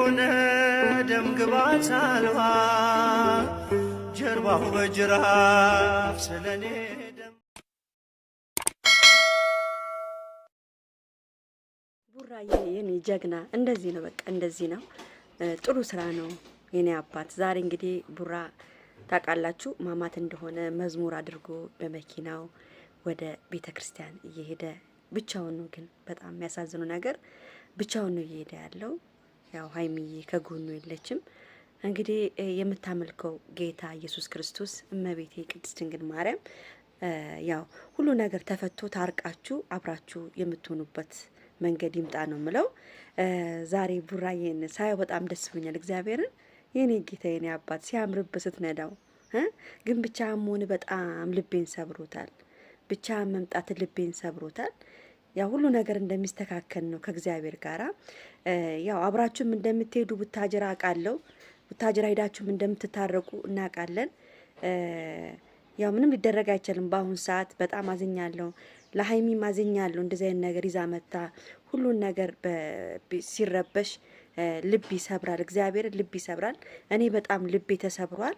ሆነ ደም ግባት አልባ ጀርባው በጅራፍ ስለኔ ቡራዬ የኔ ጀግና እንደዚህ ነው፣ በቃ እንደዚህ ነው። ጥሩ ስራ ነው የኔ አባት። ዛሬ እንግዲህ ቡራ ታውቃላችሁ ማማት እንደሆነ መዝሙር አድርጎ በመኪናው ወደ ቤተ ክርስቲያን እየሄደ ብቻውን ነው። ግን በጣም የሚያሳዝኑ ነገር ብቻውን ነው እየሄደ ያለው። ያው ሀይሚዬ ከጎኑ የለችም። እንግዲህ የምታመልከው ጌታ ኢየሱስ ክርስቶስ እመቤቴ ቅድስት ድንግል ማርያም ያው ሁሉ ነገር ተፈቶ ታርቃችሁ አብራችሁ የምትሆኑበት መንገድ ይምጣ ነው የምለው። ዛሬ ቡራዬን ሳየው በጣም ደስ ብሎኛል። እግዚአብሔርን የኔ ጌታ የኔ አባት ሲያምርብ ስትነዳው ግን ብቻ መሆን በጣም ልቤን ሰብሮታል። ብቻ መምጣት ልቤን ሰብሮታል። ያው ሁሉ ነገር እንደሚስተካከል ነው ከእግዚአብሔር ጋራ ያው አብራችሁም እንደምትሄዱ ቡታጅራ አውቃለሁ። ቡታጅራ ሄዳችሁም እንደምትታረቁ እናውቃለን። ያው ምንም ሊደረግ አይችልም። በአሁን ሰዓት በጣም አዝኛለሁ፣ ለሀይሚም አዝኛለሁ። እንደዚህ አይነት ነገር ይዛ መታ ሁሉን ነገር ሲረበሽ ልብ ይሰብራል። እግዚአብሔር ልብ ይሰብራል። እኔ በጣም ልቤ ተሰብሯል።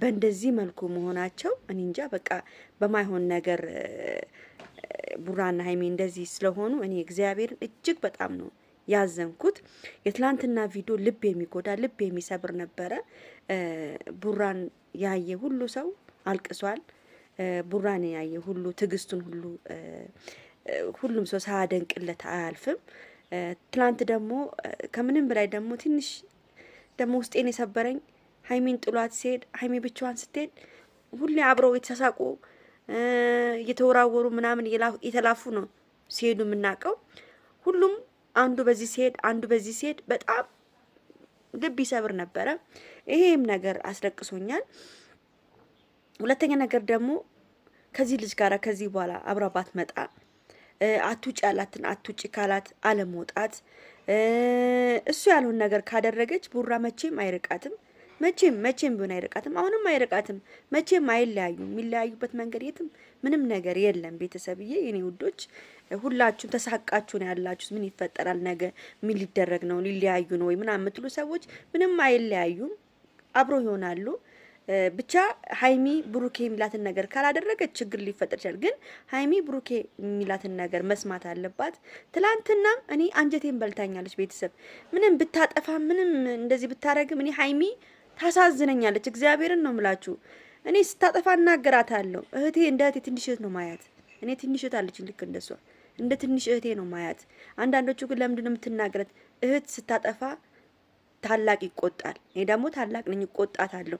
በእንደዚህ መልኩ መሆናቸው እኔ እንጃ በቃ በማይሆን ነገር ቡራና ሀይሜ እንደዚህ ስለሆኑ እኔ እግዚአብሔርን እጅግ በጣም ነው ያዘንኩት። የትላንትና ቪዲዮ ልብ የሚጎዳ ልብ የሚሰብር ነበረ። ቡራን ያየ ሁሉ ሰው አልቅሷል። ቡራን ያየ ሁሉ ትዕግስቱን ሁሉ ሁሉም ሰው ሳያደንቅለት አያልፍም። ትላንት ደግሞ ከምንም በላይ ደግሞ ትንሽ ደግሞ ውስጤን የሰበረኝ ሀይሜን ጥሏት ሲሄድ ሀይሜ ብቻዋን ስትሄድ ሁሌ አብረው የተሳሳቁ እየተወራወሩ ምናምን የተላፉ ነው ሲሄዱ የምናውቀው። ሁሉም አንዱ በዚህ ሲሄድ አንዱ በዚህ ሲሄድ በጣም ልብ ይሰብር ነበረ። ይሄም ነገር አስለቅሶኛል። ሁለተኛ ነገር ደግሞ ከዚህ ልጅ ጋር ከዚህ በኋላ አብራ ባትመጣ አትውጭ ያላትን አትውጭ ካላት አለመውጣት፣ እሱ ያለውን ነገር ካደረገች ቡራ መቼም አይርቃትም። መቼም መቼም ቢሆን አይርቃትም። አሁንም አይርቃትም። መቼም አይለያዩም። የሚለያዩበት መንገድ የትም ምንም ነገር የለም። ቤተሰብዬ፣ የኔ ውዶች ሁላችሁም ተሳቃችሁ ነው ያላችሁት። ምን ይፈጠራል ነገ? ምን ሊደረግ ነው? ሊለያዩ ነው ወይ ምናምን የምትሉ ሰዎች ምንም አይለያዩም፣ አብሮ ይሆናሉ። ብቻ ሀይሚ ብሩኬ የሚላትን ነገር ካላደረገች ችግር ሊፈጠር ይችላል። ግን ሀይሚ ብሩኬ የሚላትን ነገር መስማት አለባት። ትላንትና እኔ አንጀቴን በልታኛለች። ቤተሰብ ምንም ብታጠፋ ምንም እንደዚህ ብታረግም እኔ ሀይሚ ታሳዝነኛለች። እግዚአብሔርን ነው ምላችሁ። እኔ ስታጠፋ እናገራታለሁ። እህቴ እንደ እህቴ ትንሽ እህት ነው ማያት። እኔ ትንሽ እህት አለችኝ፣ ልክ እንደሷ እንደ ትንሽ እህቴ ነው ማያት። አንዳንዶቹ ግን ለምንድን ነው የምትናገረት? እህት ስታጠፋ ታላቅ ይቆጣል። እኔ ደግሞ ታላቅ ነኝ፣ ይቆጣታለሁ።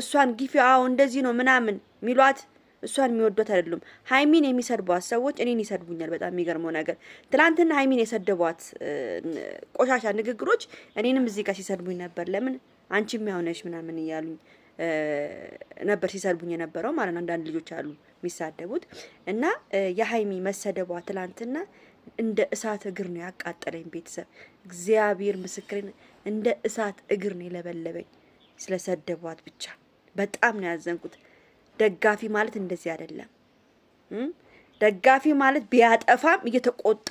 እሷን ጊፊ አዎ እንደዚህ ነው ምናምን ሚሏት እሷን የሚወዷት አይደሉም። ሀይሚን የሚሰድቧት ሰዎች እኔን ይሰድቡኛል። በጣም የሚገርመው ነገር ትላንትና ሀይሚን የሰደቧት ቆሻሻ ንግግሮች እኔንም እዚህ ጋር ሲሰድቡኝ ነበር። ለምን አንቺ የሚያሆነሽ ምናምን እያሉኝ ነበር ሲሰድቡኝ የነበረው ማለት ነው። አንዳንድ ልጆች አሉ የሚሳደቡት እና የሀይሚ መሰደቧ ትላንትና እንደ እሳት እግር ነው ያቃጠለኝ። ቤተሰብ እግዚአብሔር ምስክሬን እንደ እሳት እግር ነው የለበለበኝ። ስለሰደቧት ብቻ በጣም ነው ያዘንኩት። ደጋፊ ማለት እንደዚህ አይደለም። ደጋፊ ማለት ቢያጠፋም እየተቆጣ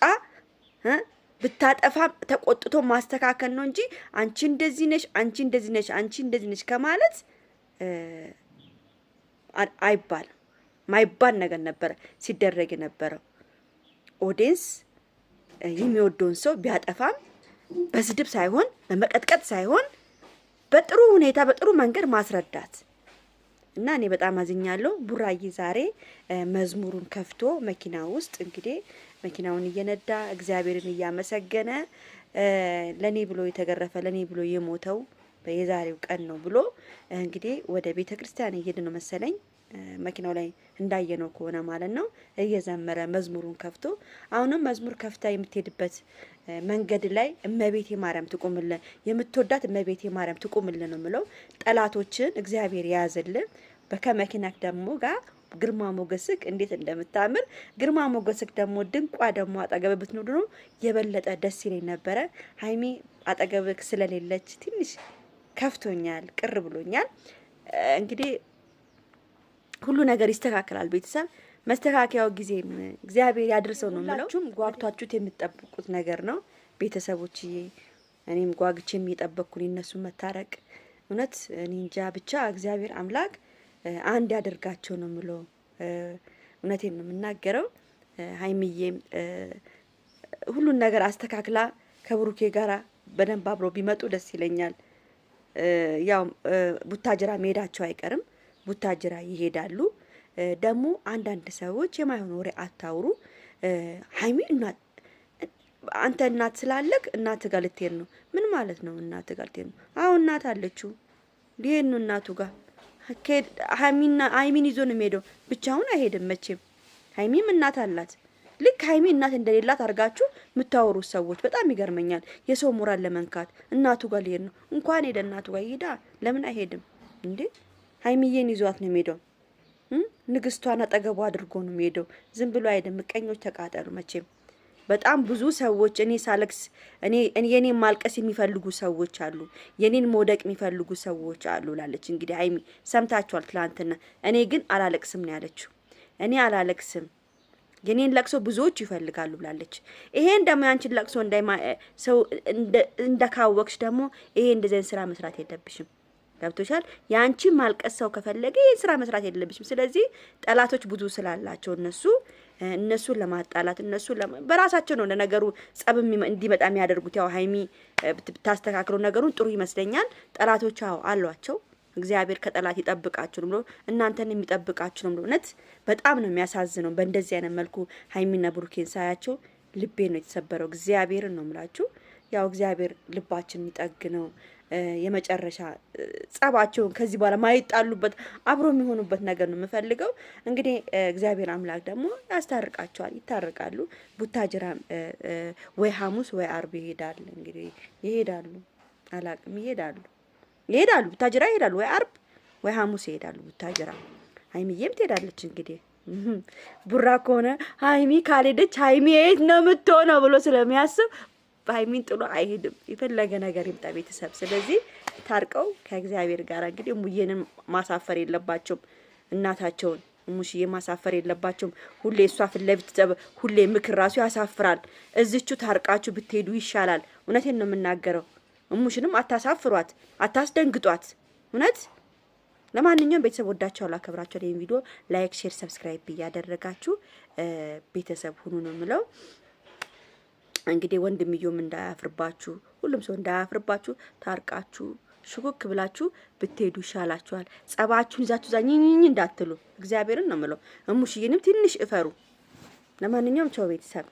ብታጠፋም ተቆጥቶ ማስተካከል ነው እንጂ አንቺ እንደዚህ ነሽ፣ አንቺ እንደዚህ ነሽ፣ አንቺ እንደዚህ ነሽ ከማለት አይባል ማይባል ነገር ነበረ ሲደረግ የነበረው። ኦዴንስ የሚወደውን ሰው ቢያጠፋም በስድብ ሳይሆን በመቀጥቀጥ ሳይሆን በጥሩ ሁኔታ በጥሩ መንገድ ማስረዳት እና እኔ በጣም አዝኛለሁ። ቡራዬ ዛሬ መዝሙሩን ከፍቶ መኪና ውስጥ እንግዲህ መኪናውን እየነዳ እግዚአብሔርን እያመሰገነ ለእኔ ብሎ የተገረፈ ለእኔ ብሎ የሞተው የዛሬው ቀን ነው ብሎ እንግዲህ ወደ ቤተ ክርስቲያን እየሄድ ነው መሰለኝ። መኪናው ላይ እንዳየ ነው ከሆነ ማለት ነው። እየዘመረ መዝሙሩን ከፍቶ አሁንም መዝሙር ከፍታ የምትሄድበት መንገድ ላይ እመቤቴ ማርያም ትቁምል የምትወዳት እመቤቴ ማርያም ትቁምል ነው ምለው ጠላቶችን እግዚአብሔር የያዝልን በከመኪናክ ደግሞ ጋር ግርማ ሞገስክ እንዴት እንደምታምር ግርማ ሞገስክ ደግሞ ድንቋ ደግሞ አጠገብ ብትኖር ነው የበለጠ ደስ ይለኝ ነበረ። ሀይሚ አጠገብክ ስለሌለች ትንሽ ከፍቶኛል፣ ቅር ብሎኛል። እንግዲህ ሁሉ ነገር ይስተካከላል። ቤተሰብ መስተካከያው ጊዜም እግዚአብሔር ያድርሰው ነው የምለው። ጓግቷችሁት የምትጠብቁት ነገር ነው ቤተሰቦችዬ። እኔም ጓግቼ የጠበቅኩን የነሱ መታረቅ እውነት እኔ እንጃ ብቻ እግዚአብሔር አምላክ አንድ ያደርጋቸው ነው ምሎ እውነቴን ነው የምናገረው። ሀይሚዬም ሁሉን ነገር አስተካክላ ከብሩኬ ጋር በደንብ አብሮ ቢመጡ ደስ ይለኛል። ያው ቡታጅራ መሄዳቸው አይቀርም። ቡታጅራ ይሄዳሉ። ደግሞ አንዳንድ ሰዎች የማይሆን ወሬ አታውሩ። ሀይሚ እናት አንተ እናት ስላለክ እናት ጋር ልትሄድ ነው። ምን ማለት ነው? እናት ጋር ልትሄድ ነው። አሁ እናት አለችው። ሊሄድ ነው እናቱ ጋር ሀይሚን ይዞ ነው የሚሄደው። ብቻውን አይሄድም መቼም። ሀይሚም እናት አላት። ልክ ሀይሚ እናት እንደሌላት አድርጋችሁ የምታወሩት ሰዎች በጣም ይገርመኛል። የሰው ሞራል ለመንካት እናቱ ጋር ሊሄድ ነው። እንኳን ሄደ እናቱ ጋር ይሄዳ ለምን አይሄድም እንዴ? ሀይሚዬን ይዟት ነው የሚሄደው። ንግስቷን አጠገቡ አድርጎ ነው የሚሄደው። ዝም ብሎ አይሄድም። ምቀኞች ተቃጠሉ መቼም። በጣም ብዙ ሰዎች እኔ ሳለቅስ እኔ የኔ ማልቀስ የሚፈልጉ ሰዎች አሉ፣ የኔን መውደቅ የሚፈልጉ ሰዎች አሉ ላለች እንግዲህ ሀይሚ ሰምታችኋል ትላንትና። እኔ ግን አላለቅስም ነው ያለችው። እኔ አላለቅስም የኔን ለቅሶ ብዙዎች ይፈልጋሉ ብላለች። ይሄ እንደሞ ያንቺን ለቅሶ ሰው እንደካወቅሽ ደግሞ ይሄ እንደዚህን ስራ መስራት የለብሽም። ገብቶሻል? ያንቺ ማልቀስ ሰው ከፈለገ ይህን ስራ መስራት የለብሽም። ስለዚህ ጠላቶች ብዙ ስላላቸው እነሱ እነሱን ለማጣላት እነሱ በራሳቸው ነው ለነገሩ ጸብ እንዲመጣ የሚያደርጉት። ያው ሀይሚ ብታስተካክለው ነገሩን ጥሩ ይመስለኛል። ጠላቶች ው አሏቸው። እግዚአብሔር ከጠላት ይጠብቃችሁ ነው ብሎ እናንተን የሚጠብቃችሁ ነው ብሎ እውነት በጣም ነው የሚያሳዝነው። በእንደዚህ አይነት መልኩ ሀይሚና ብሩኬን ሳያቸው ልቤ ነው የተሰበረው። እግዚአብሔርን ነው ምላችሁ ያው እግዚአብሔር ልባችን የሚጠግነው ነው። የመጨረሻ ጸባቸውን ከዚህ በኋላ ማይጣሉበት አብሮ የሚሆኑበት ነገር ነው የምፈልገው። እንግዲህ እግዚአብሔር አምላክ ደግሞ ያስታርቃቸዋል፣ ይታርቃሉ። ቡታጅራም ወይ ሐሙስ ወይ አርብ ይሄዳል። እንግዲህ ይሄዳሉ፣ አላቅም፣ ይሄዳሉ፣ ይሄዳሉ፣ ቡታጅራ ይሄዳሉ፣ ወይ አርብ ወይ ሐሙስ ይሄዳሉ ቡታጅራ። ሀይሚዬም ትሄዳለች እንግዲህ ቡራ ከሆነ ሀይሚ ካልሄደች ሀይሚ የት ነው የምትሆነው ብሎ ስለሚያስብ ሀይሚን ጥሎ አይሄድም። የፈለገ ነገር ይምጣ ቤተሰብ። ስለዚህ ታርቀው ከእግዚአብሔር ጋር እንግዲህ ሙዬንም ማሳፈር የለባቸውም እናታቸውን ሙሽዬ ማሳፈር የለባቸውም። ሁሌ እሷ ፊት ለፊት ሁሌ ምክር ራሱ ያሳፍራል። እዝቹ ታርቃችሁ ብትሄዱ ይሻላል። እውነቴን ነው የምናገረው። እሙሽንም አታሳፍሯት፣ አታስደንግጧት። እውነት ለማንኛውም ቤተሰብ ወዳቸዋል፣ አከብራቸዋል። ይህን ቪዲዮ ላይክ፣ ሼር፣ ሰብስክራይብ እያደረጋችሁ ቤተሰብ ሁኑ ነው የምለው። እንግዲህ ወንድምዮም እንዳያፍርባችሁ፣ ሁሉም ሰው እንዳያፍርባችሁ ታርቃችሁ ሽኩክ ብላችሁ ብትሄዱ ይሻላችኋል። ጸባችሁን ይዛችሁ ዛ ኝኝኝ እንዳትሉ፣ እግዚአብሔርን ነው ምለው። እሙሽዬንም ትንሽ እፈሩ። ለማንኛውም ቸው ቤተሰብ